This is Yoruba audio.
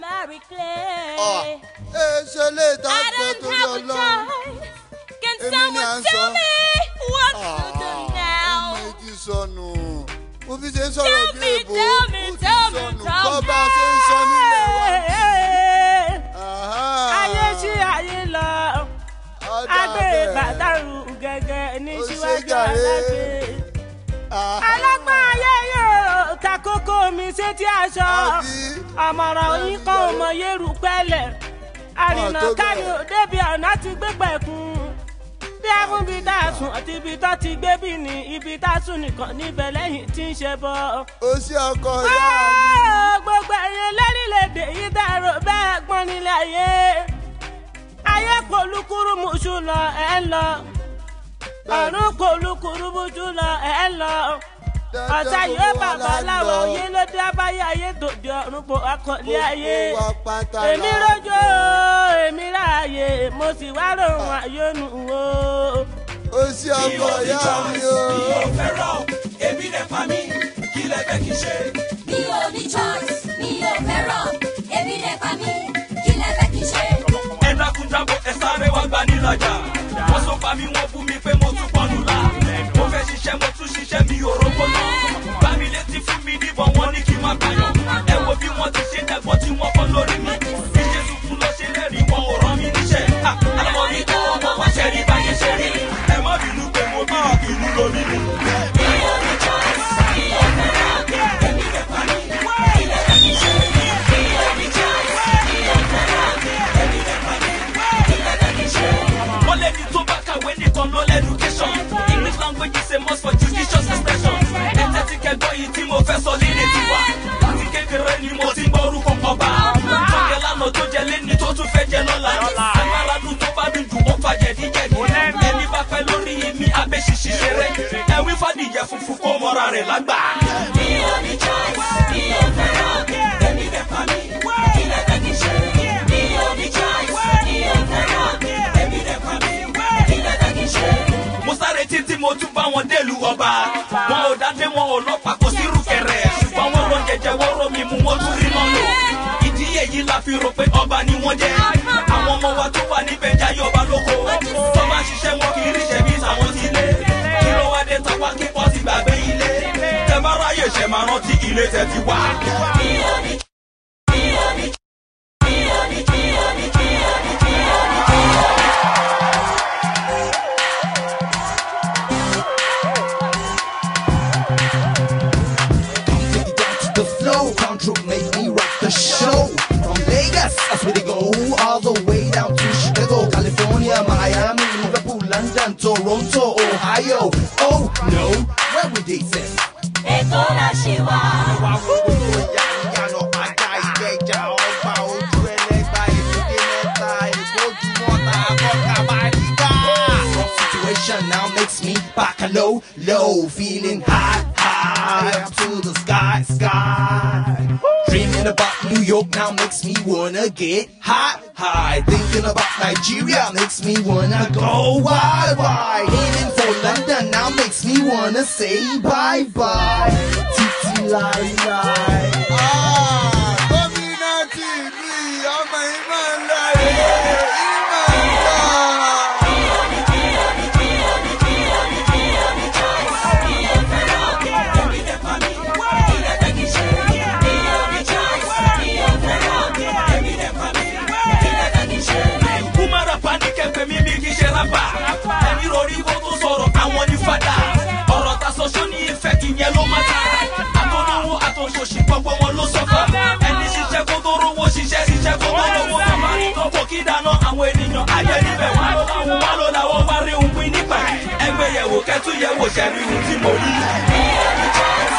marry clay. Oh, hey, Shirley, I don't have a child. Can someone tell me what to ah, do now? mo fi ṣe ń sọ̀rọ̀ bí èbó me, tell me, bọ́ba ṣe ń sọ nílẹ̀ wa. ayé sí ayé lọ agbèrè bàtàrù gẹ́gẹ́ ní síwájú alágbè alágbà ayé kókó mi sétí aṣọ àmọ̀ràn oyin kan ọmọ yẹ́rù pẹ́lẹ̀ àrìnà kárí òdebì ọ̀nà ti gbégbẹ̀kùn bí afúnbi tá a sùn àti ibi tó ti gbé bí ni ibi tá a sùn nìkan níbẹ̀ lẹ́yìn tí ń ṣe bọ́. ó ṣe ọkọ ìyá mi. gbogbo ẹ̀yin lórílẹ̀‐èdè yìí dàrú bẹ́ẹ̀ gbọ́n nílẹ̀ ayé ayé kòlùkùrù mùsùlùmọ́ ẹ̀ ń lọ ọ̀run kòlùkùrù mùsùlùmọ́ ẹ̀ ń lọ ọ̀tá yóò bàbá láwọn òye ló dé abáyé ayé dòde ọ̀run po akọ̀lé ayé èmi rọ́jò èmi ráàyè mo sì wá ròhùn àyónú o. ó sì ọkọ ìyá mi o. mi ò fẹ́ràn èmi rẹ̀ pa mí kí lẹ fẹ́ kí ṣe. mi ò ní choice mi ò fẹ́ràn èmi rẹ̀ pa mí kí lẹ fẹ́ kí ṣe. ẹ dákun ẹ sáré wá gba nílọjà wọ́n sọ pa mí wọ́n tún fẹ́ jẹ lọ́la àná aládùn tó bá dùn jù wọ́n fa jẹ̀díjẹ̀dí ẹni bá pẹ́ lórí mi abẹ́ ṣìṣì ṣeré ẹ̀wí fàdíjẹ funfun kó mọ́ra rẹ̀ lágbà. mi ò ní choice mi ò fẹ́ rock èmi fẹ́ pa mi kí lè fẹ́ kí n ṣe. mi ò ní choice mi ò fẹ́ rock èmi fẹ́ pa mi kí lè kí n ṣe. mo sáré títí mo tún bá wọn délùú ọba. wọn jẹ àwọn ọmọ wa tó wà níbẹ̀ jáyọ̀ bá lóko tó máa ṣiṣẹ́ wọn kì í ríṣẹ́ bí sàwọn ti lé kí ló wá dé tapá kí pọ́ ti gbàgbé ilé tẹ bá ráyè ṣẹ̀ máa rántí ilé tẹ ti wá. Control, make me rock the show. yes, that's where to go. All the way down to Chicago, California, Miami, Liverpool, London, Toronto, Ohio. Oh no, where would they send? Èkó Situation now makes me back low, low, feeling high, high, up to the sky, sky. Dreaming about New York now makes me wanna get hot, high. Thinking about Nigeria makes me wanna go wide, wide. Aiming for London now makes me wanna say bye bye. Titi 干脆让我相遇无尽无依。